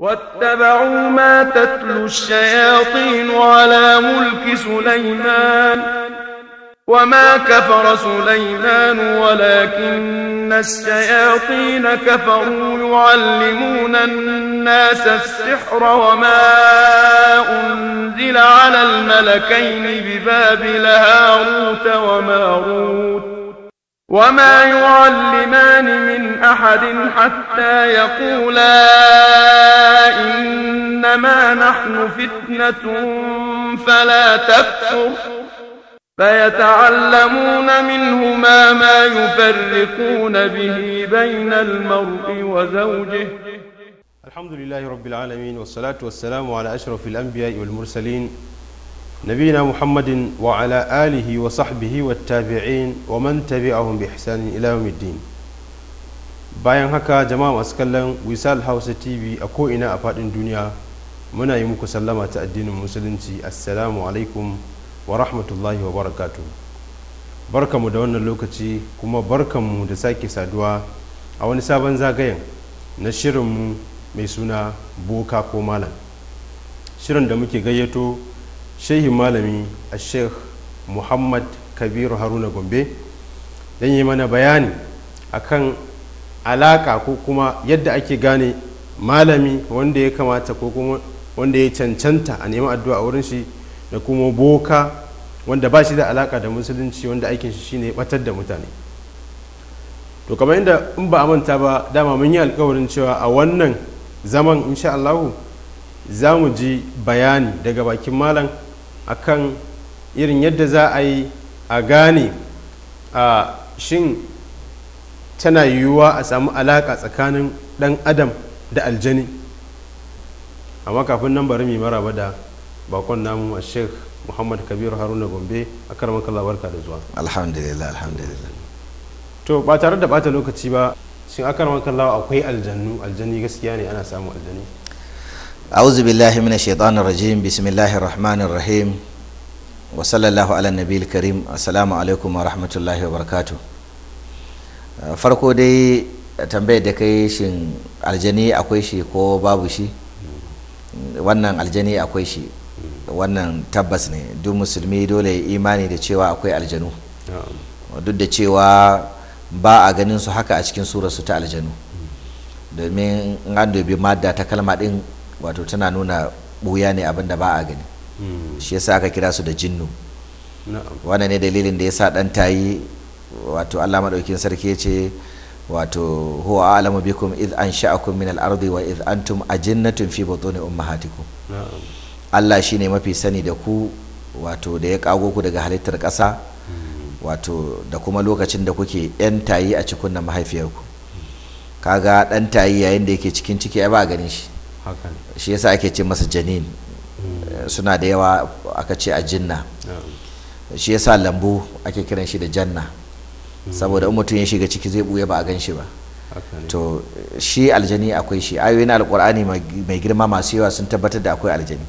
واتبعوا ما تتلو الشياطين على ملك سليمان وما كفر سليمان ولكن الشياطين كفروا يعلمون الناس السحر وما أنزل على الملكين ببابل هاروت وماروت وما يعلمان من أحد حتى يقولا إنما نحن فتنة فلا تكفر فيتعلمون منهما ما يفرقون به بين المرء وزوجه الحمد لله رب العالمين والصلاة والسلام على أشرف الأنبياء والمرسلين نبينا محمد وعلى آله وصحبه والتابعين ومن تبعهم بإحسان إلى يوم الدين bayan haka jama'a masu kallon wisal hausa tv a ko'ina a faɗin duniya muna yi muku sallama ta addinin musulunci assalamu alaikum wa rahmatullahi wa barakatu barkamu da wannan lokaci kuma barkamu da sake saduwa a wani sabon zagayen na shirinmu mai suna boka ko malam shirin da muke gayyato shehin malami a sheikh muhammad kabiru haruna gombe don yi mana bayani akan alaka ko kuma yadda ake gane malami wanda ya kamata ko kuma wanda ya cancanta a neman addu'a a wurin shi da kuma boka wanda ba shi da alaka da musulunci wanda aikin shi shine batar da mutane to kamar inda in ba a manta ba dama mun yi alkawarin cewa a wannan zaman insha Allahu za mu ji bayani daga bakin malam akan irin yadda za a yi a gane a shin tana yiwuwa a samu alaƙa tsakanin ɗan adam da aljani amma kafin nan bari mai maraba da bakon namu a sheikh muhammad kabiru haruna gombe a karamar kalabarka da zuwa alhamdulillah alhamdulillah to ba tare da bata lokaci ba shin a karamar kallawa akwai aljannu aljani gaskiya ne ana samun aljani أعوذ بالله من الشيطان الرجيم بسم الله الرحمن الرحيم وصلى الله على النبي الكريم السلام عليكم ورحمة الله وبركاته farko dai uh, tambayar da kai shin aljani akwai shi ko babu shi wannan aljani akwai shi wannan tabbas ne duk musulmi dole imani da cewa akwai aljanu duk da cewa ba a ganin su haka a cikin surarsu ta aljanu domin an dubi madda ta kalma din wato tana nuna buya ne abin da ba a gani hmm. shi yasa aka kira su da jinnu wannan ne dalilin da yasa dan tayi wato Allah madaukin sarki ya ce wato huwa a'lamu bikum id ansha'akum min al-ardi wa id antum ajinnatun fi butuni ummahatikum Allah shine mafi sani da ku wato da ya kago ku daga halittar ƙasa hmm. wato da kuma lokacin da kuke yan tayi a cikin mahaifiyarku kaga dan tayi yayin da yake cikin ciki ai ba ganin shi shi yasa ake ce masa janin hmm. suna da yawa aka ce a jinna hmm. shi yasa lambu ake kiran shi da janna hmm. saboda in mutum ya shiga ciki zai buya ba a gan shi ba to shi aljani akwai shi ayoyin alkur'ani mai girma masu yawa sun tabbatar da akwai aljani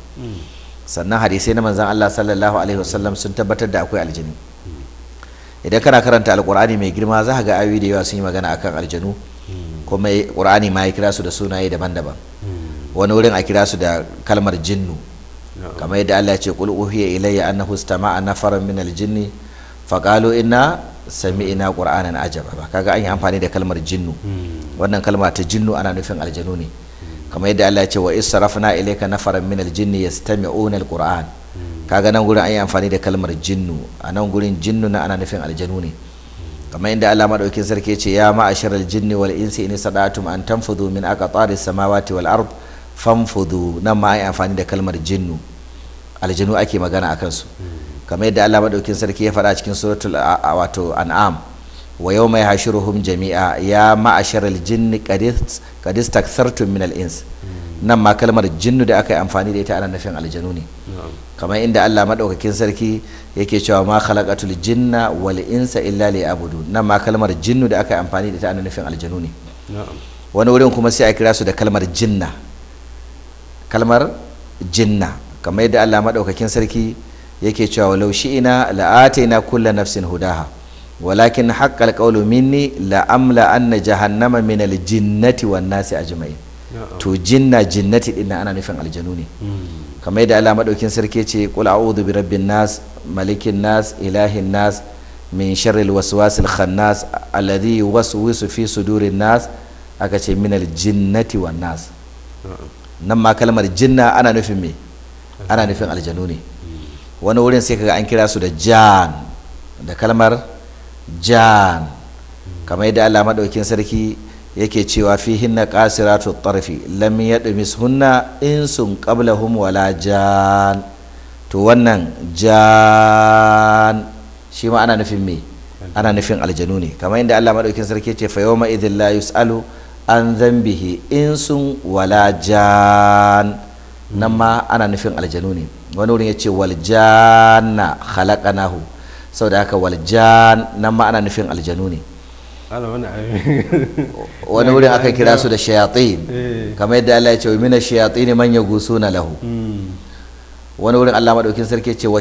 sannan hadisai na manzan Allah sallallahu alaihi wasallam sun tabbatar da akwai aljani idan kana karanta alkur'ani mai girma za ka ga ayoyi da yawa sun yi magana akan aljanu kuma qur'ani ma ya kira su da sunaye daban-daban wani wurin a kira su da kalmar jinnu kamar yadda Allah ya ce qul uhiya ilayya annahu istama'a nafarun min al fa qalu inna sami'na qur'anan ajaba ba kaga an yi amfani da kalmar jinnu hmm. wannan kalma ta jinnu ana nufin aljanu ne kamar yadda Allah ya ce wa israfna ilayka nafarun min aljinni yastami'una alquran hmm. kaga nan gurin an yi amfani da kalmar jinnu a nan gurin jinnu na ana nufin aljanu ne hmm. kamar yadda Allah madaukin sarki ya ce ya ma'asharal jinni wal insi in sada'tum an tanfudhu min aqtaris samawati wal ardh famfudu nan ma ai amfani da kalmar jinnu aljinu ake magana a kansu kamar yadda Allah madaukin sarki ya faɗa cikin suratul wato an'am wa yawma yahshuruhum jami'a ya ma'asharal jinni qadist istakthartum min al-ins nan ma kalmar jinnu da aka yi amfani da ita ana nufin aljanu ne kamar inda Allah maɗaukakin sarki yake cewa ma khalaqatul jinna wal insa illa abudu nan ma kalmar jinnu da aka yi amfani da ita ana nufin aljanu ne wani wurin kuma sai a kira su da kalmar jinna kalmar jinna kamar yadda Allah maɗaukakin sarki yake cewa walau shi'ina la'ataina kulla nafsin hudaha walakin haqqal qawlu minni la amla anna jahannama min al jinnati wan nasi ajma'in to jinna jinnati din ana nufin aljanu ne hmm. kamar yadda Allah maɗaukin sarki ce qul a'udhu bi rabbin nas malikin nas ilahin nas min sharril waswasil khannas alladhi yuwaswisu fi sudurin nas aka ce min al jinnati wan nas nan ma kalmar jinna ana nufin me ana nufin aljanu ne wani wurin sai kaga an kira su da jan da kalmar jan kamar yadda Allah madaukin sarki yake cewa fi hinna qasiratu tarfi lam yadmis hunna insun qablahum wala jan to wannan jan shi ma ana nufin me ana nufin aljanu ne kamar yadda Allah madaukin sarki ya ce fa yawma idhil la yusalu an zambihi sun wala jan nan ma ana nufin aljanu ne wani wurin ya ce waljanna Sau da haka waljan nan ma ana nufin aljanu ne wani wurin aka kira su da shayatin eh. kamar yadda Allah ya ce wa mina shayatin man na lahu hmm. wani wurin Allah maɗaukin sarki ce wa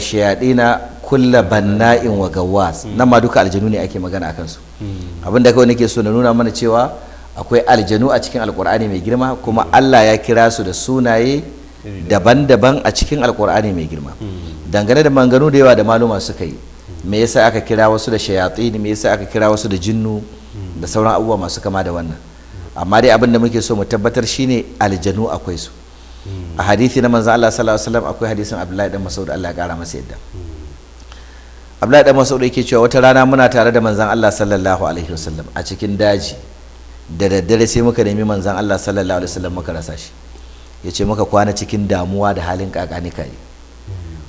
na kulla banna'in wa gawas hmm. nan ma duka aljanu ne ake magana akan su hmm. abin da kawai nake so na nuna mana cewa akwai aljanu a cikin alkur'ani mai girma kuma allah ya kira su da sunaye daban-daban a cikin alkur'ani mai girma dangane da manganu da yawa da maluma suka yi me yasa aka kira wasu da shayatsin me yasa aka kira wasu da jinnu da sauran abubuwa masu kama da wannan amma dai abin da muke so mu tabbatar shine aljanu akwai su a hadisi na manzon Allah sallallahu alaihi wasallam akwai hadisin Abdullahi dan masaud Allah ya kara masa yadda Abdullahi dan masaud yake cewa wata rana muna tare da manzon Allah sallallahu alaihi wasallam a cikin daji da daddare sai muka nemi manzan Allah sallallahu alaihi wasallam muka rasa shi ya ce muka kwana cikin damuwa da halin kakani kai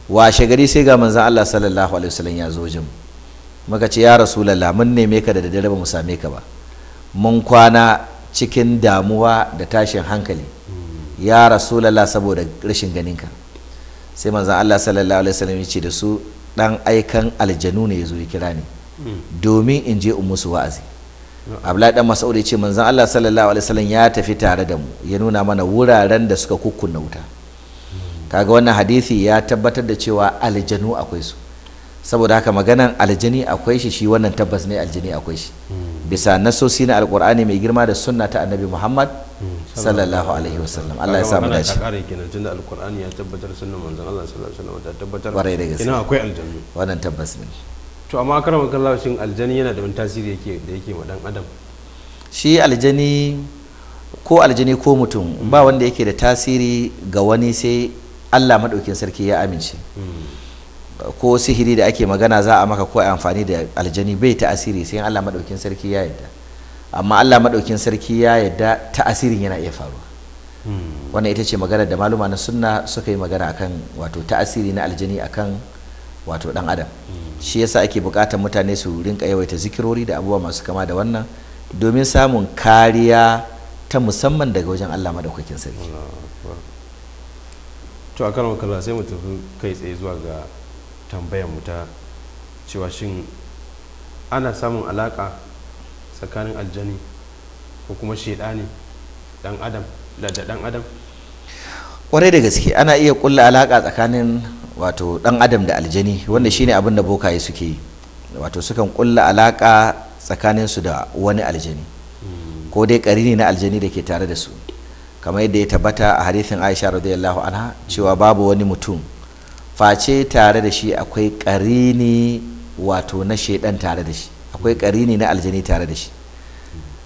washe gari sai ga manzan Allah sallallahu alaihi wasallam ya zo jin muka ce ya rasulullah mun neme ka da daddare ba mu same ka ba mun kwana cikin damuwa da tashin hankali ya rasulullah saboda rashin ganin ka sai manzan Allah sallallahu alaihi wasallam ya ce da su dan aikan aljanu ne ya zo ya kira ni domin in je in musu wa'azi abdullahi dan mas'ud ya ce manzon Allah sallallahu alaihi wasallam ya tafi tare da mu ya nuna mana wuraren da suka kukkunna wuta kaga wannan hadisi ya tabbatar da cewa aljanu akwai su saboda haka maganan aljani akwai shi shi wannan tabbas ne aljani akwai shi bisa nasosi na alqur'ani mai girma da sunna ta annabi muhammad sallallahu alaihi wasallam Allah ya samu dace kare kenan tunda alqur'ani ya tabbatar sunnan manzon Allah sallallahu alaihi wasallam ta tabbatar kenan akwai aljanu wannan tabbas ne to amma karamar kan shin aljani yana da wani tasiri yake da yake ma dan adam shi aljani ko aljani ko mutum ba wanda yake da tasiri ga wani sai Allah maɗaukin sarki ya amince hmm. ko sihiri da ake magana za a maka ko a amfani da aljani bai ta'asiri sai Allah maɗaukin sarki ya yadda amma Allah maɗaukin sarki ya yadda ta'asirin yana iya faruwa hmm. wannan ita ce magana da maluma na sunna suka yi magana akan wato ta'asiri na aljani akan wato dan adam shi yasa ake bukatar mutane su rinka yawaita zikirori da abubuwa masu kama da wannan domin samun kariya ta musamman daga wajen Allah madaukakin sarki to a karon kalla sai mu tafi kai tsaye zuwa ga tambayar mu ta cewa shin ana samun alaka tsakanin aljani ko kuma shedani dan adam da dan adam kwarai da gaske ana iya kulla alaka tsakanin wato dan adam da aljani wanda shine abin da bokaye suke yi wato sukan kulla alaka tsakanin su da wani aljani ko dai karini na aljani da ke tare da su kamar yadda ya tabbata a hadithin aisha radiyallahu anha cewa babu wani mutum face tare da shi akwai karini wato na shedan tare da shi akwai karini na aljani tare da shi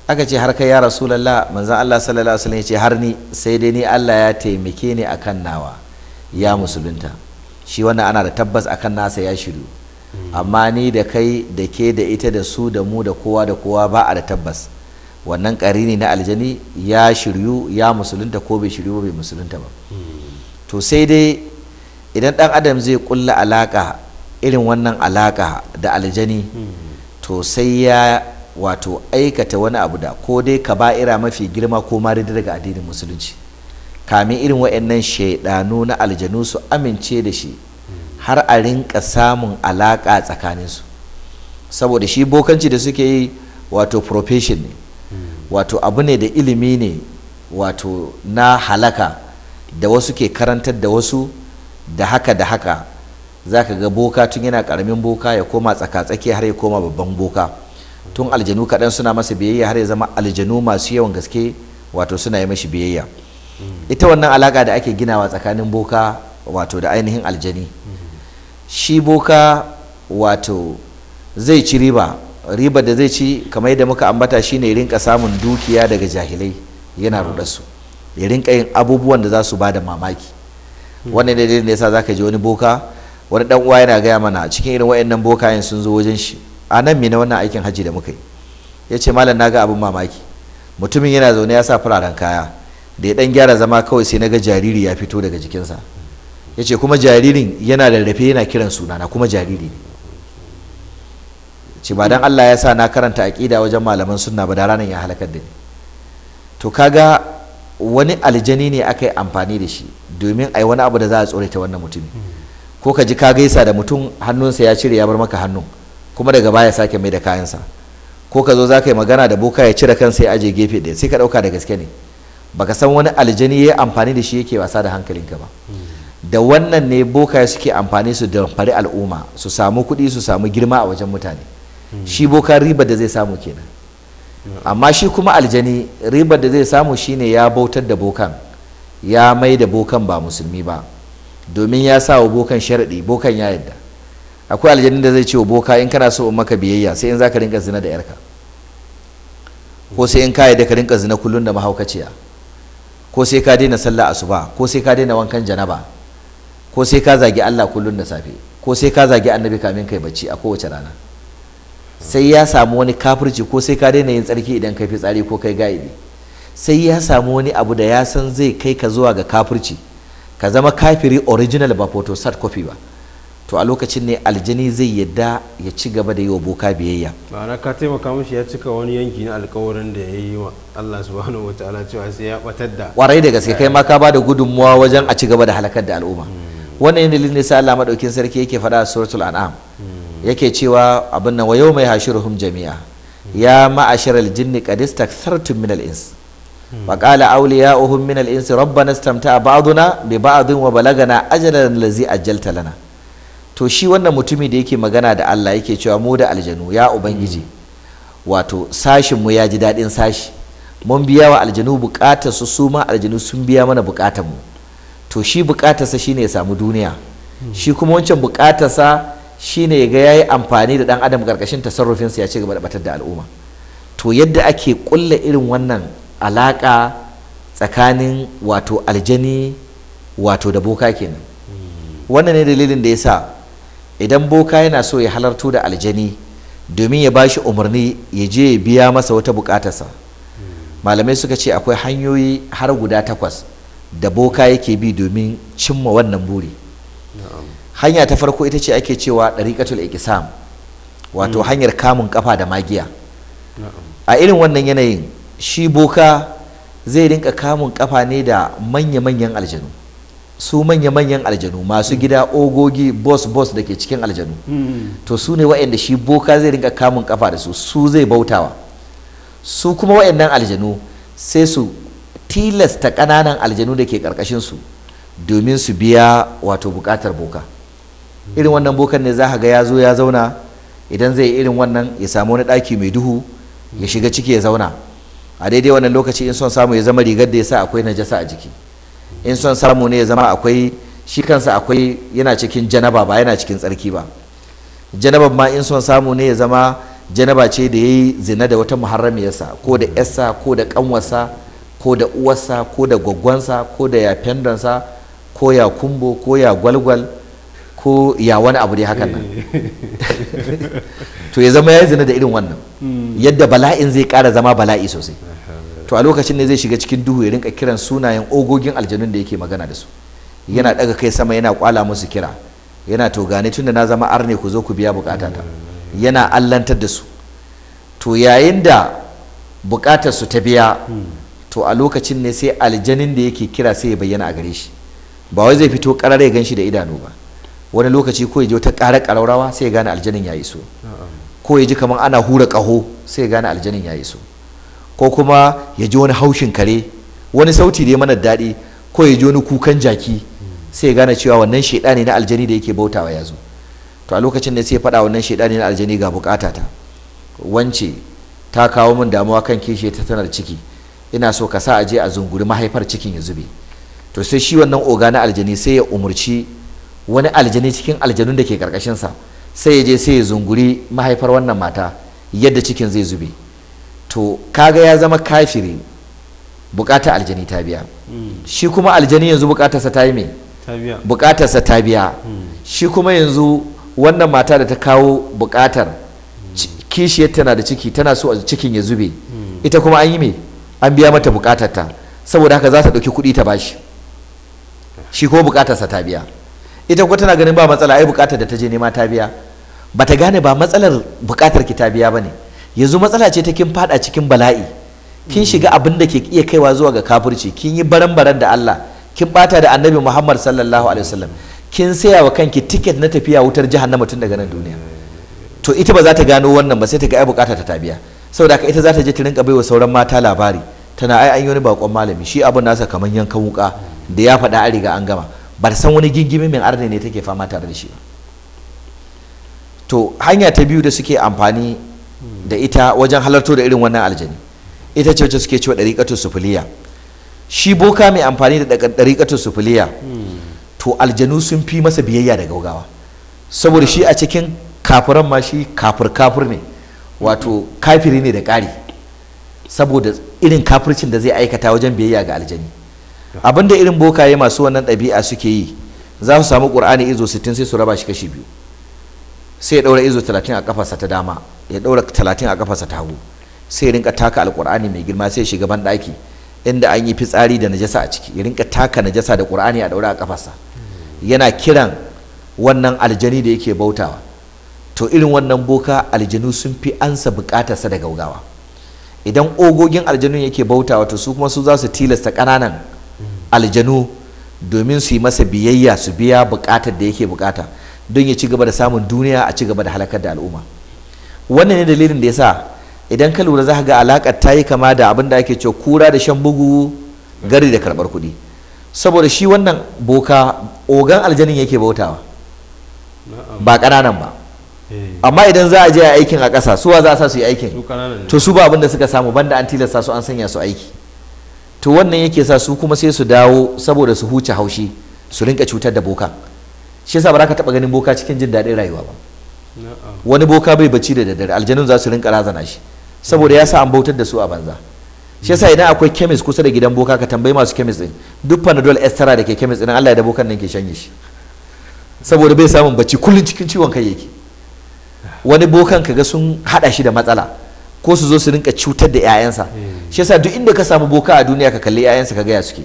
aka ce har kai ya rasulallah manzan allah sallallahu alaihi wasallam ya ce har ni sai dai ni allah ya taimake ni akan nawa ya musulunta shi wannan ana da tabbas akan nasa ya shiru amma ni da kai da ke da ita da su da mu da kowa da kowa ba a da tabbas wannan karini na aljani ya shiryu ya musulunta ko bai shiryu bai musulunta ba to sai dai idan ɗan adam zai kulla alaka irin wannan alaka da aljani to sai ya wato aikata wani abu da ko dai ka ba'ira mafi girma ko ma daga addinin musulunci kamin irin waɗannan shaidanu na aljanu su amince da shi har a rinka samun alaƙa tsakaninsu saboda shi bokanci da suke yi wato profession ne wato abu ne da ilimi ne wato na halaka da wasu ke karantar da wasu da haka da haka za ka ga boka tun yana karamin boka ya koma tsaka-tsaki har ya koma babban boka tun aljanu kaɗan suna masa biyayya har ya zama aljanu masu yawan gaske wato suna yi mashi biyayya ita wannan alaka da ake ginawa tsakanin boka wato da ainihin aljani shi boka wato zai ci riba riba da zai ci kamar yadda muka ambata shine rinka samun dukiya daga jahilai yana rudarsu ya rinka yin abubuwan da za su ba da mamaki wannan ne yasa zaka ji wani boka wani dan uwa yana gaya mana cikin irin wayannan bokayen sun zo wajen shi a nan me na wannan aikin hajji da muka yi ya ce malam na ga abin mamaki mutumin yana zaune ya sa fararen kaya da ya dan gyara zama kawai sai na ga jariri ya fito daga jikinsa ya ce kuma jaririn yana rarrafe yana kiran suna na kuma jariri ne ce ba dan Allah ya sa na karanta aƙida wajen malaman sunna ba da ranar ya halakar da ni to kaga wani aljani ne aka yi amfani da shi domin ai wani abu da za a tsorata wannan mutumi ko ka ji ka gaisa da mutum hannunsa ya cire ya bar maka hannun kuma daga baya sake mai da kayansa ko ka zo za ka yi magana da boka ya cire kansa ya aje gefe ɗaya sai ka ɗauka da gaske ne baka san wani aljani ya yi amfani da shi yake wasa da hankalin ba da wannan ne boka ya suke amfani su da fari al'umma su samu kuɗi su samu girma a wajen mutane shi boka ribar da zai samu kenan amma shi kuma aljani ribar da zai samu shine ya bautar da bokan ya mai da bokan ba musulmi ba domin ya sa wa bokan sharaɗi bokan ya yadda akwai aljanin da zai ce wa boka in kana so in maka biyayya sai in za ka rinka zina da yarka ko sai in ka yadda ka rinka zina kullum da mahaukaciya ko sai ka daina sallah asuba ko sai ka daina wankan janaba ko sai ka zagi Allah kullun da safe ko sai ka zagi annabi kamin kai bacci a kowace rana sai ya samu wani kafirci ko sai ka daina yin tsarki idan kai fitsari ko kai gaibi sai ya samu wani abu da ya san zai kai ka zuwa ga kafirci ka zama kafiri original ba photosat copy ba to a lokacin ne aljani zai yadda ya ci gaba da yi wa boka biyayya ma'ana ka taimaka mashi ya cika wani yanki na alkawarin da ya yi wa Allah subhanahu wataala cewa sai ya batar da warai da gaske kai ma ka bada gudunmuwa wajen a ci gaba da halakar da al'umma hmm. wannan yana dalilin sa Allah madaukin sarki yake faɗa a suratul an'am hmm. yake cewa abin nan wa mai yahshuruhum jami'a hmm. ya ma'asharal jinni qad istakthartum min al-ins وقال أولياؤهم من الإنس ربنا استمتع بعضنا ببعض وبلغنا أجلا الذي ajjalta lana to shi wannan mutumin da yake magana da Allah yake cewa mu da aljanu ya ubangiji wato sashin mu ya ji daɗin sashi mun biya wa aljanu bukatar su su ma aljanu sun biya mana bukatar mu to shi sa shine ya samu duniya shi kuma wancan sa shine ya ga yayi amfani da dan adam karkashin sa ya ci gaba da batar da al'umma to yadda ake kulla irin wannan alaka tsakanin wato aljani wato da boka kenan wannan ne dalilin da yasa idan boka yana so ya halartu da aljani domin ya bashi umarni ya je ya biya masa wata bukatarsa malamai suka ce akwai hanyoyi har guda takwas da boka yake bi domin cimma wannan buri hanya ta farko ita ce ake cewa ɗariƙatul ikisam wato hmm. hanyar kamun kafa da magiya a irin wannan yanayin shi boka zai rinka kamun kafa ne da manya-manyan aljanu su manya-manyan aljanu masu mm. gida ogogi bos-bos da ke cikin aljanu mm. to su ne waɗanda shi boka zai rinka kamun kafa da su su zai bautawa su kuma waɗannan aljanu sai su tilasta ƙananan aljanu da ke karkashin su domin su biya wato bukatar boka irin wannan bokan ne za ga ya zo ya zauna idan zai irin wannan ya samu wani daki mai duhu ya shiga ciki ya zauna a daidai wannan lokaci in son samu ya zama rigar da ya sa akwai najasa a jiki in son samu ne ya zama akwai shi kansa akwai yana cikin janaba ba yana cikin tsarki ba janaba ma in son samu ne ya zama janaba ce da ya yi zina da wata muharramiyarsa ko da yarsa ko da kanwarsa ko da uwarsa ko da gwaggwansa ko da ya fendansa ko ya kumbo ko ya gwalgwal ko ya wani abu dai hakan nan to ya zama ya zina da irin wannan hmm. yadda bala'in zai kara zama bala'i sosai to a lokacin ne zai shiga cikin duhu ya rinka kiran sunayen ogogin aljanun da yake magana da su yana daga kai sama yana kwala musu kira yana to gane tunda na zama arne ku zo ku biya ta yana allantar da su to yayin da bukatar su ta biya to a lokacin ne sai aljanin da yake kira sai ya bayyana a gare shi ba wai zai fito karar ya ganshi da idanu ba wani lokaci ko ya je wata karar karaurawa sai ya gane aljanin ya yi so ko ya ji kamar ana hura kaho sai ya gane aljanin ya yi so ko kuma ya ji wani haushin kare wani sauti da ya mana daɗi ko ya ji wani kukan jaki sai ya gane cewa wannan shaidani na aljani da yake bautawa ya zo to a lokacin ne sai ya faɗa wannan shaidani na aljani ga bukata ta wance ta kawo min damuwa kan kishi ta tanar ciki ina so ka sa a je a zunguri mahaifar cikin ya zube to sai shi wannan oga na aljani sai ya umurci wani aljani cikin aljanun da ke karkashin sa sai ya je sai ya zunguri mahaifar wannan mata yadda cikin zai zube to kaga ya zama kafiri bukata aljani ta biya hmm. shi kuma aljani yanzu bukatarsa ta yi me bukatarsa ta biya hmm. shi kuma yanzu wannan mata da ta kawo bukatar hmm. kishiyar tana da ciki tana so a cikin ya zube ita kuma an yi me an biya mata ta saboda haka za ta ɗauki kuɗi ta bashi shi kuma bukatarsa ta biya ita kuma tana ganin ba matsala ai bukatar da ta je nema ta biya bata gane ba matsalar bukatar ki ta biya bane yanzu matsala ce ta kin fada cikin bala'i kin shiga abin da ke iya kaiwa zuwa ga kafirci kin yi baran baran da Allah kin bata da annabi Muhammad sallallahu alaihi wasallam kin saya wa kanki tiket na tafiya wutar jahannama tun daga nan duniya to ita ba za ta gano wannan ba sai ta ga ai bukata ta tabiya saboda ka ita za ta je ta rinka baiwa sauran mata labari tana ai an yi wani bakon malami shi abin nasa kamar yankan wuka da ya faɗa a riga an gama ba san wani gingimi mai arne ne take fama tare da shi to hanya ta biyu da suke amfani da ita wajen halarto da irin wannan aljani ita ce wacce suke cewa ɗariƙatul sufuliya shi boka mai amfani da ɗariƙatul sufuliya to aljanu sun fi masa biyayya da gaugawa saboda shi a cikin kafiran ma shi kafir kafir ne wato kafiri ne da ƙari saboda irin kafircin da zai aikata wajen biyayya ga aljani da irin bokaye masu wannan ɗabi'a suke yi za su samu ƙur'ani izo 60 sai su raba shi kashi biyu sai ya ɗaura izo talatin a kafarsa ta dama ya ɗaura talatin a kafarsa ta hagu sai rinka taka alƙur'ani mai girma sai shiga ban ɗaki inda an yi fitsari da najasa a ciki ya rinka taka najasa da ƙur'ani a ɗaura a kafarsa yana kiran wannan aljani da yake bautawa to irin wannan boka aljanu sun fi ansa buƙatarsa da gaugawa idan ogogin aljanun yake bautawa to su kuma su za su tilasta ƙananan aljanu domin su yi masa biyayya su biya buƙatar da yake buƙata don ya ci gaba da samun duniya a ci gaba da halakar da al'umma wannan ne dalilin da ya sa idan ka lura za ka ga alaƙar ta yi kama da abin da ake cewa kura da shan bugu gari da karɓar kuɗi saboda shi wannan boka ogan aljanin yake bautawa ba ƙananan ba eh. amma idan za a je a aikin a ƙasa suwa za a sa su yi aikin to su ba abin da suka samu banda an tilasta su an sanya su aiki to wannan yake sa su kuma sai su dawo saboda su huce haushi su rinka cutar da boka shi yasa ba za ka taɓa ganin boka cikin jin daɗin rayuwa ba wani boka bai bacci da daddare aljanun za su rinka razana shi saboda ya sa an bautar da su a banza shi yasa idan akwai kemis kusa da gidan boka ka tambayi masu chemist din duk panadol extra da ke chemist din Allah ya da bokan nan ke shanye shi saboda bai samun bacci kullun cikin ciwon kai yake wani bokan kaga sun hada shi da matsala ko su zo su rinka cutar da 'ya'yansa hmm. shi yasa duk inda ka samu boka a duniya ka kalli 'ya'yansa ka gaya suke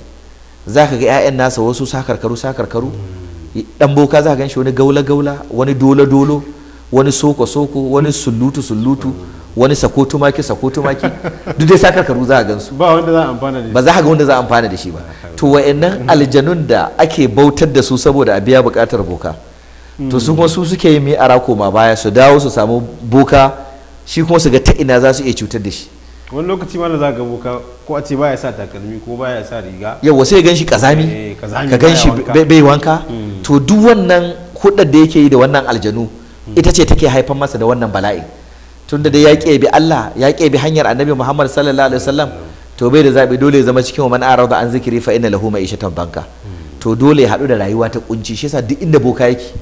za ka ga 'ya'yan nasa wasu sakarkaru sakarkaru dan hmm. boka za ka gan shi wani gaula gaula wani dolo dolo wani soko soko wani sulutu sulutu wani sako tumaki sako tumaki duk dai sakar karu za a gansu ba wanda za a amfana da shi. ba za a ga wanda za a amfana da shi ba to wayannan mm. aljanun da ake bautar da su saboda a biya bukatar boka to su kuma su suke yi mai arako ma baya su dawo su samu boka shi kuma su ga ta ina za su iya cutar da shi wani lokaci ma za ga boka ko a ce baya sa takalmi ko baya sa riga yawa sai gan shi kazami eh, ka gan shi bai wanka mm. to duk wannan hudar da yake yi da wannan aljanu ita ce take haifar masa da wannan bala'i tunda dai ya bi Allah ya bi hanyar annabi Muhammad sallallahu alaihi wasallam to bai da zabi dole ya zama cikin man arada an zikiri fa inna lahu ma'ishatan banka to dole ya hadu da rayuwa ta kunci shi yasa duk inda boka yake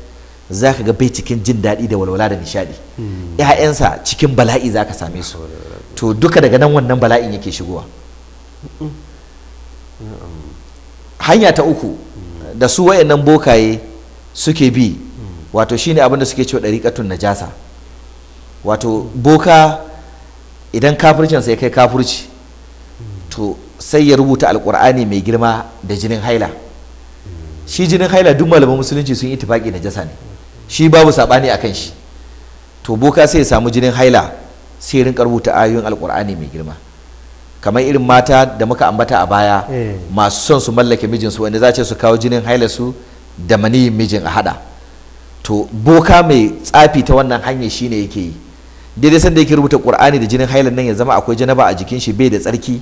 zaka ga bai cikin jin daɗi da walwala da nishadi ƴaƴansa cikin bala'i zaka same su to duka daga nan wannan bala'in yake shigowa hanya ta uku da su wayannan bokaye suke bi wato shine abin da suke cewa dariqatun najasa wato boka idan kafircin sai kai kafirci to sai ya rubuta alkur'ani mai girma da jinin haila shi jinin haila duk malaman musulunci sun yi na najasa ne shi babu sabani akan shi to boka sai ya samu jinin haila sai rinka rubuta ayoyin alkur'ani mai girma kamar irin mata da muka ambata a baya eh. masu son su mallake mijinsu wanda za ce su kawo jinin haila su da maniyin mijin a haɗa. to boka mai tsafi ta wannan hanyar shine yake yi daidai sanda yake rubuta qur'ani da jinin hailan nan ya zama akwai janaba a jikin shi bai da tsarki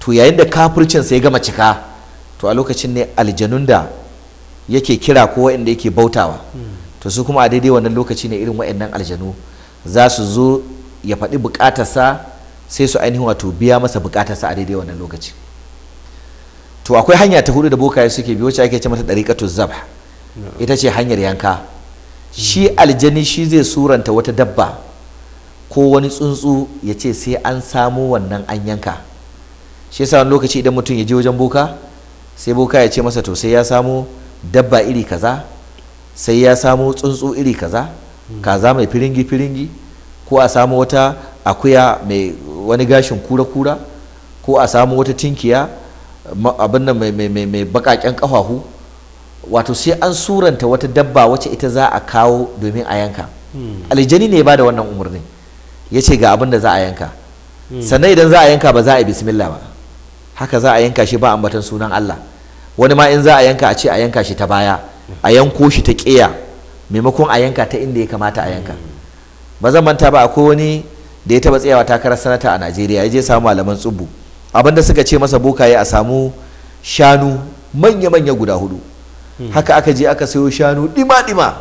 to yayin da kafircin ya gama cika to a lokacin ne aljanun da yake kira ko wanda yake bautawa hmm. to su kuma a daidai wannan lokaci ne irin waɗannan aljanu za su zo ya faɗi buƙatarsa sai su ainihin wato biya masa buƙatarsa a daidai wannan lokaci to akwai hanya ta hudu da bokaye suke bi wacce ake ce mata ɗariƙatu zaba ita ce hanyar yanka shi aljani shi zai suranta wata dabba ko wani tsuntsu ya ce sai an samu wannan an yanka shi yasa wani lokaci idan mutum ya je wajen boka sai boka ya ce masa to sai ya samu dabba iri kaza sai ya samu tsuntsu iri kaza kaza mai firingi firingi ko a samu wata akuya mai wani gashin kura kura ko a samu wata tinkiya abin nan mai baƙaƙen ƙafafu wato sai an suranta wata dabba wacce ita za a kawo domin a yanka hmm. aljani ne ba da wannan umarni ya ce ga abin da za a yanka hmm. sannan idan za a yanka ba za a yi bismillah ba haka za a yanka shi ba ambatan sunan Allah wani ma in za a yanka a ce a yanka shi ta baya a yanko shi ta ƙiya maimakon a yanka ta inda ya kamata a yanka hmm. ba zan manta ba akwai wani da ya taba tsayawa takarar sanata a Najeriya ya je samu malaman tsubu abinda suka ce masa bokaye a samu shanu manya-manya guda hudu haka aka je aka sayo shanu dima-dima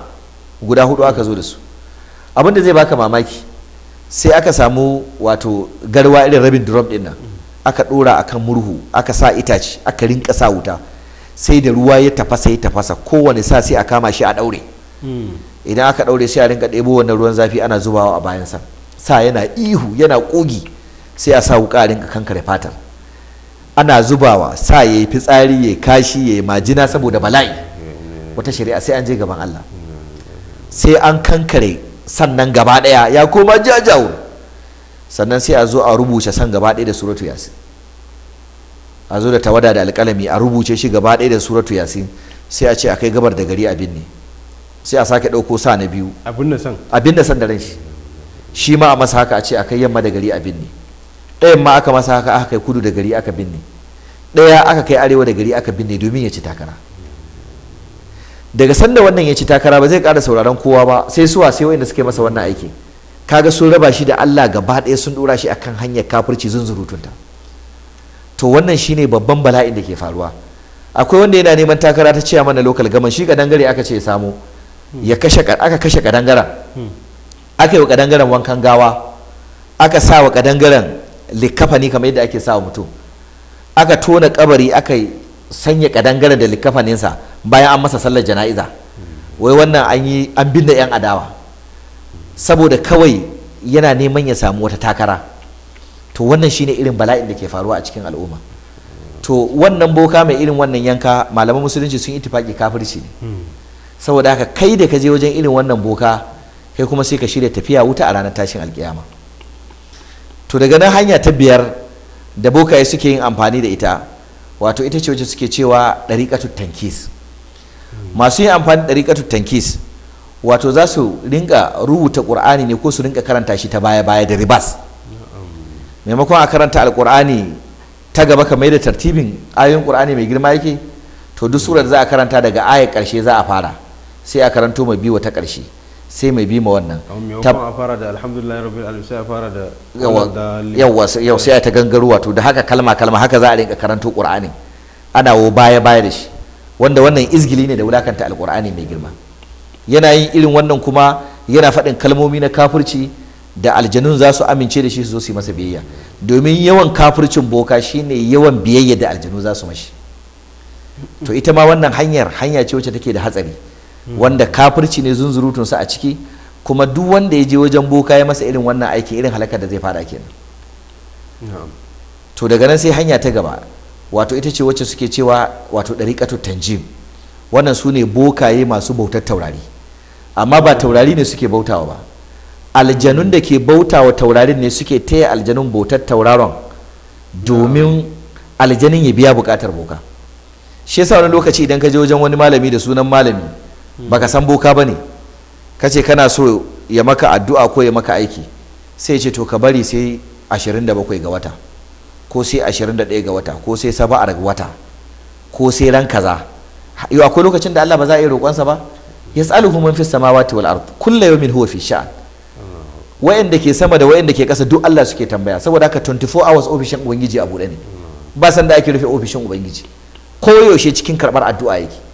guda hudu aka zo da su abin da zai baka mamaki sai aka samu wato garwa irin rabin drop din nan aka dora akan murhu aka sa itace aka rinka sa wuta sai da ruwa ya tafasa ya tafasa kowane sa sai a kama shi a daure idan aka daure sai a rinka ɗebo wannan ruwan zafi ana zubawa a bayan sa sa yana ihu yana kogi sai a sa wuka rinka kankare fatar ana zubawa sa ya fitsari ya kashi ya majina saboda bala'i wata shari'a sai an je gaban Allah sai an kankare sannan gaba daya ya koma jajawur sannan sai a zo a rubuce san gaba daya da suratu yasin a zo da tawada da alƙalami a rubuce shi gaba daya da suratu yasin sai a ce a kai gabar da gari abin ne sai a sake ɗauko sa na biyu abin da san da ran shi shi ma a masa haka a ce a kai yamma da gari abin ne ɗayan ma aka masa haka aka kai kudu da gari aka binne ɗaya aka kai arewa da gari aka binne domin ya ci takara daga sanda wannan ya ci takara ba zai kara sauraron kowa ba sai suwa sai wanda suke masa wannan aiki kaga sun raba shi da Allah gaba ɗaya sun dura shi akan hanyar kafirci zunzurutunta to wannan shine babban bala'in da ke faruwa akwai wanda yana neman takara ta ciya mana lokal gama shi kadangare aka ce ya samu ya kashe aka kashe kadangaren aka yi wa kadangaren wankan gawa aka sa wa kadangaren likafani kamar yadda ake sa wa mutum aka tona kabari aka sanya kadangare da likafaninsa bayan an masa sallar jana'iza wai wannan an yi an binne yan adawa saboda kawai yana neman ya samu wata takara to wannan shine irin bala'in da ke faruwa a cikin al'umma to wannan boka mai irin wannan yanka malaman musulunci sun itifaki kafirci ne hmm. saboda haka kai da ka je wajen irin wannan boka kai kuma sai ka shirya tafiya wuta a ranar tashin alkiyama to daga nan hanya ta biyar da bokaye suke yin amfani da ita wato ita ce wacce suke cewa ɗariƙatu tankis masu yin amfani ɗariƙatu tankis wato za su rinka rubuta ƙur'ani ne ko su rinka karanta shi ta baya baya da ribas maimakon a karanta alƙur'ani ta gaba kamar da tartibin ayoyin ƙur'ani mai girma yake to duk surar za a karanta daga ayar ƙarshe za a fara sai a karanto mai biyu ta ƙarshe sai mai bi ma wannan yau sai ta gangaro wato da haka kalma kalma haka za a rinka karanto qur'ani ana wo baya baya da shi wanda wannan izgili ne da wulakanta alqur'ani mai girma yana yin irin wannan kuma yana faɗin kalmomi na kafurci da aljanun za su amince da shi su zo su yi masa biyayya domin yawan kafurcin boka shine yawan biyayya da aljanu za su mashi to ita ma wannan hanyar hanya ce wacce take da hatsari wanda kafirci ne zunzurutunsa a ciki kuma duk wanda ya je wajen boka ya masa irin wannan aiki irin halakar da zai fada kenan to daga nan sai hanya ta gaba wato ita ce wacce suke cewa wato ɗariƙatu tanjim wannan su ne bokaye masu bautar taurari amma ba taurari ne suke bautawa ba aljanun da ke bautawa taurarin ne suke taya aljanun bautar tauraron domin aljanin ya biya bukatar boka shi yasa wani lokaci idan ka je wajen wani malami da sunan malami baka san boka bane kace kana so ya maka addu'a ko ya maka aiki sai ce to ka bari sai 27 ga wata ko sai 21 ga wata ko sai saba'ar ga wata ko sai ran kaza yau akwai lokacin da Allah ba za a yi sa ba yas'aluhu man fis samawati wal ard kullu yawmin huwa fi sha'an wayanda ke sama da wayanda ke kasa duk Allah suke tambaya saboda haka 24 hours ofishin ubangiji a bude ne ba san da ake rufe ofishin ubangiji yaushe cikin karbar addu'a yake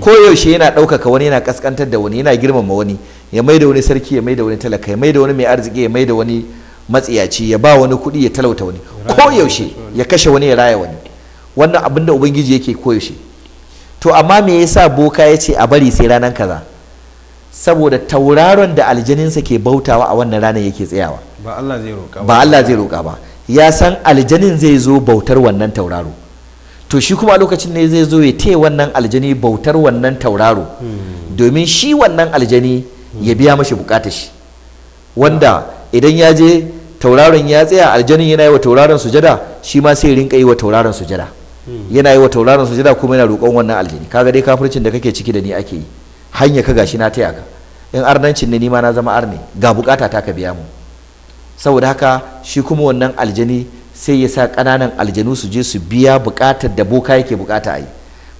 koyaushe yana ɗaukaka wani yana ƙasƙantar da wani yana girmama wani ya mai da wani sarki ya mai da wani talaka ya mai da wani mai arziki ya mai da wani matsiyaci ya ba wani kuɗi ya talauta wani koyaushe ya kashe wani ya raya wani wannan abin da ubangiji yake koyaushe to amma me yasa boka ya ce a bari sai ranar kaza saboda tauraron da aljaninsa ke bautawa a wannan ranar yake tsayawa ba Allah zai roƙa ba ya san aljanin zai zo bautar wannan tauraro to shi kuma lokacin ne zai zo ya taya wannan aljani bautar wannan tauraro domin shi wannan aljani ya biya mashi bukatar shi wanda idan ya je tauraron ya tsaya aljanin yana yi wa tauraron sujada shi ma sai rinka yi wa tauraron sujada yana yi wa tauraron sujada kuma yana roƙon wannan aljani kaga dai kafircin da kake ciki da ni ake yi hanya ka gashi na taya ka in arnancin ne ni ma na zama arne ga bukata ta ka biya mu saboda haka shi kuma wannan aljani sai ya sa ƙananan aljanu su je su biya buƙatar da boka yake buƙata a yi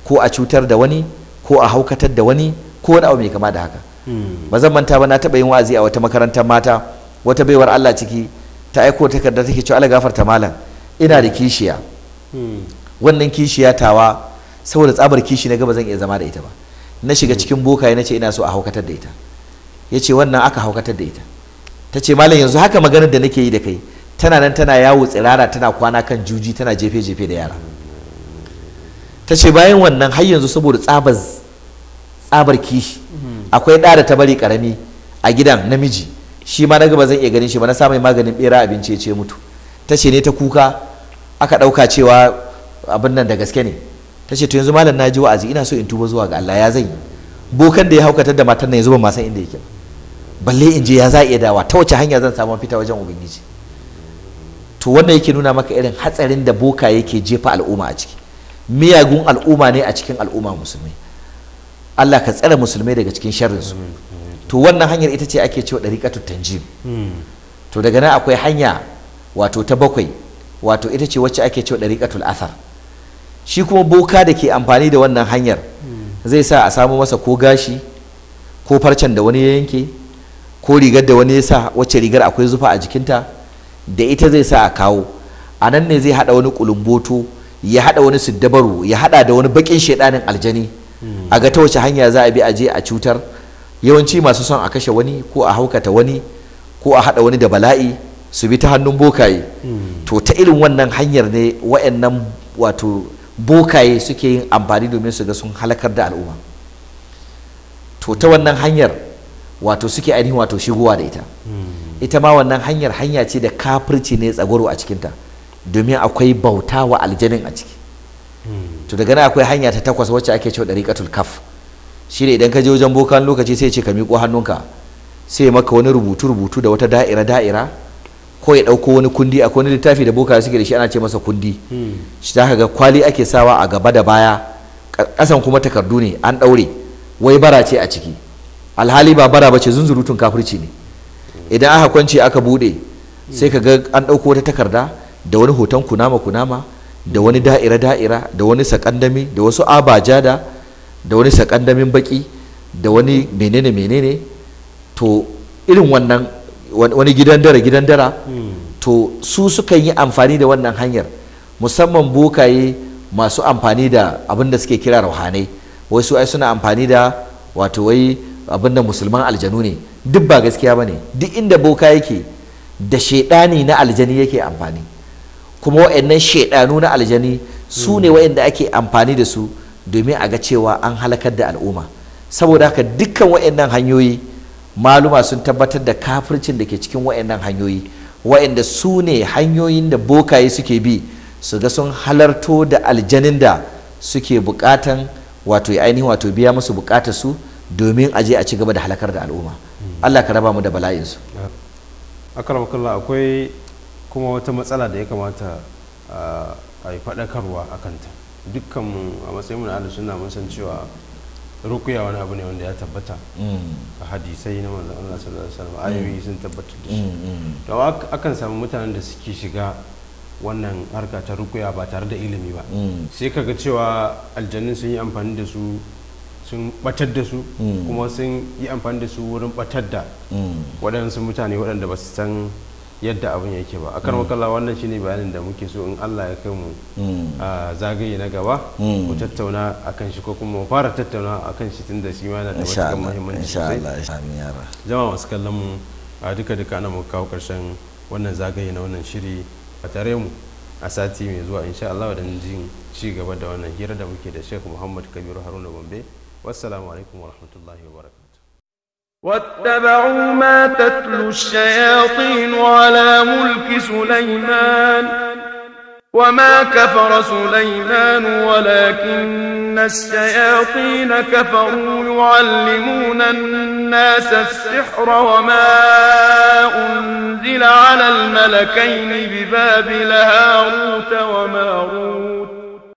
ko a cutar da wani ko a haukatar da wani ko wani abu mai kama da haka hmm. ba zan manta ba na taɓa yin wa'azi a wata makarantar mata wata baiwar Allah ciki ta aiko takarda take cewa Allah gafarta malam ina da kishiya hmm. wannan kishiya tawa saboda tsabar kishi na gaba zan iya zama da ita ba na shiga hmm. cikin bokaye na ce ina so a haukatar da ita ya ce wannan aka haukatar da ita ta ce malam yanzu haka maganar da nake yi da kai tana nan tana yawo tsirara tana kwana kan juji tana jefe-jefe da yara ta ce bayan wannan har yanzu saboda tsabar kishi mhm. akwai ɗa da ta bari ƙarami a gidan namiji shi ma na gaba zan iya ganin shi ba na samun maganin bera abinci ya ce mutu ta ce ne ta kuka aka ɗauka cewa abin nan da gaske ne ta ce to yanzu malam na wa'azi ina so in tuba zuwa ga Allah ya zan bokan da ya haukata da matan nan yanzu ba ma san inda yake balle in je ya za iya dawa ta wace hanya zan samu fita wajen ubangiji to wannan yake nuna maka irin hatsarin da boka yake jefa al'umma a ciki miyagun al'umma ne a cikin al'umma musulmi Allah ka tsara musulmai daga cikin sharrin su to wannan hanyar ita ce ake cewa dariqatut tanjim hmm. to daga nan akwai hanya wato ta bakwai wato ita ce wacce ake cewa dariqatul athar shi kuma boka da ke amfani da wannan hanyar hmm. zai sa a samu masa ko gashi ko farcen da wani ya yanke ko rigar da wani ya sa wacce rigar akwai zufa a jikinta da ita zai sa a kawo a nan ne zai haɗa wani kulumboto ya haɗa wani siddabaru ya haɗa da wani baƙin shaidanin aljani hmm. a ga ta wace hanya za a bi a je a cutar yawanci masu son a kashe wani ko a haukata wani ko a haɗa wani da bala'i su bi ta hannun bokaye hmm. to ta irin wannan hanyar ne wa'annan wato bokaye suke yin amfani domin su ga sun halakar da al'umma to ta wannan hanyar wato suke ainihin wato shigowa da ita hmm. ita ma wannan hanyar hanya ce da kafirci ne tsagoro a cikinta domin akwai bauta wa aljanin a ciki to daga nan akwai hanya ta takwas wacce ake cewa dariqatul kaf ne idan ka je wajen bokan lokaci sai ce ka miƙo hannunka sai maka wani rubutu rubutu da wata da'ira da'ira ko ya ɗauko wani kundi akwai wani littafi da boka suke da shi ana ce masa kundi shi za ga kwali ake sawa a gaba da baya ƙasan kuma takardu ne an ɗaure wai bara ce a ciki alhali ba bara ba ce zunzurutun kafirci ne idan aka kwance aka bude sai ka ga an dauko wata takarda da wani hoton kunama kunama da wani da'ira da'ira da wani sakandami da wasu abajada da wani sakandamin baki da wani menene menene to irin wannan wani gidan dara gidan dara to su suka yi amfani da wannan hanyar musamman bokaye masu amfani da abin da suke kira rauhanai wasu ai suna amfani da wato wai abinda musulman aljanu ne duk ba gaskiya ba ne duk inda boka yake da shaidani na aljani yake amfani kuma wa'annan shaidanu na aljani su ne da ake amfani da su domin a ga cewa an halakar da al'umma saboda haka dukkan wa'annan hanyoyi maluma sun tabbatar da kafircin da ke cikin wa'annan hanyoyi wa'anda su ne hanyoyin da bokaye suke bi su ga sun halarto da aljanin da suke bukatan wato ya ainihin wato biya musu bukatar su domin a je a ci gaba da halakar da al'umma Allah ka raba mu da bala'insu akaramakallah akwai kuma wata matsala da ya kamata a yi faɗakarwa a kanta dukkan a matsayin mun ahlus na mun san cewa rukuya wani abu ne wanda ya tabbata mm. a hadisai na manzon Allah sallallahu alaihi wasallam ayoyi mm. sun tabbatar da shi mm, to akan samu mutanen da suke shiga wannan harka ta rukuya ba tare da ilimi ba sai kaga cewa aljannin sun yi amfani da su sun batar da su mm. kuma sun yi amfani da su wurin batar da mm. waɗansu mutane waɗanda ba su san yadda abin yake ba a kan mm. wakala wannan shine bayanin da muke so in allah ya kai mu a zagaye na gaba mu tattauna a kan shi ko kuma mu fara tattauna a kan shi tun da shi ma yana da matuƙar muhimmanci sosai masu kallon mu a duka duka ana mu kawo ƙarshen wannan zagaye na wannan shiri a tare mu a sati mai zuwa insha allah wadannan jin ci gaba da wannan hira da muke da shek muhammad kabiru haruna gombe والسلام عليكم ورحمة الله وبركاته واتبعوا ما تتلو الشياطين على ملك سليمان وما كفر سليمان ولكن الشياطين كفروا يعلمون الناس السحر وما أنزل على الملكين ببابل هاروت وماروت